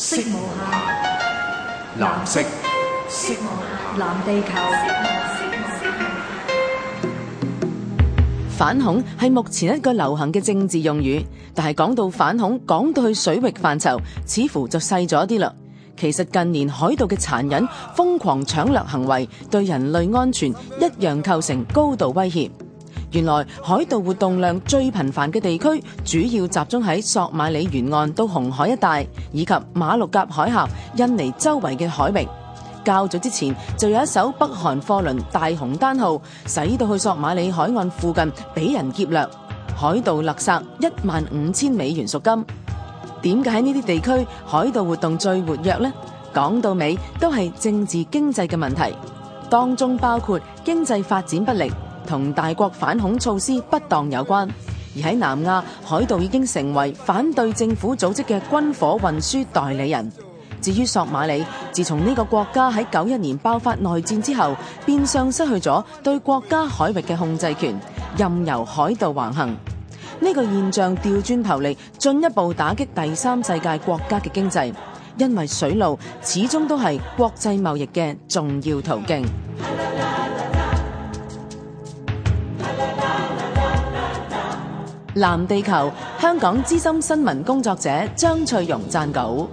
色無下，藍色。色無下，藍地球。反恐係目前一個流行嘅政治用語，但係講到反恐，講到去水域範疇，似乎就細咗啲啦。其實近年海盜嘅殘忍、瘋狂搶掠行為，對人類安全一樣構成高度威脅。原來海盜活動量最頻繁嘅地區，主要集中喺索馬里沿岸到紅海一帶，以及馬六甲海峽、印尼周圍嘅海域。較早之前就有一艘北韓貨輪大紅丹號駛到去索馬里海岸附近，俾人劫掠，海盜勒索一萬五千美元贖金。點解喺呢啲地區海盜活動最活躍呢？講到尾都係政治經濟嘅問題，當中包括經濟發展不力。同大國反恐措施不當有關，而喺南亞，海盜已經成為反對政府組織嘅軍火運輸代理人。至於索馬里，自從呢個國家喺九一年爆發內戰之後，變相失去咗對國家海域嘅控制權，任由海盜橫行。呢個現象掉轉頭嚟，進一步打擊第三世界國家嘅經濟，因為水路始終都係國際貿易嘅重要途徑。藍地球，香港資深新聞工作者張翠容撰稿。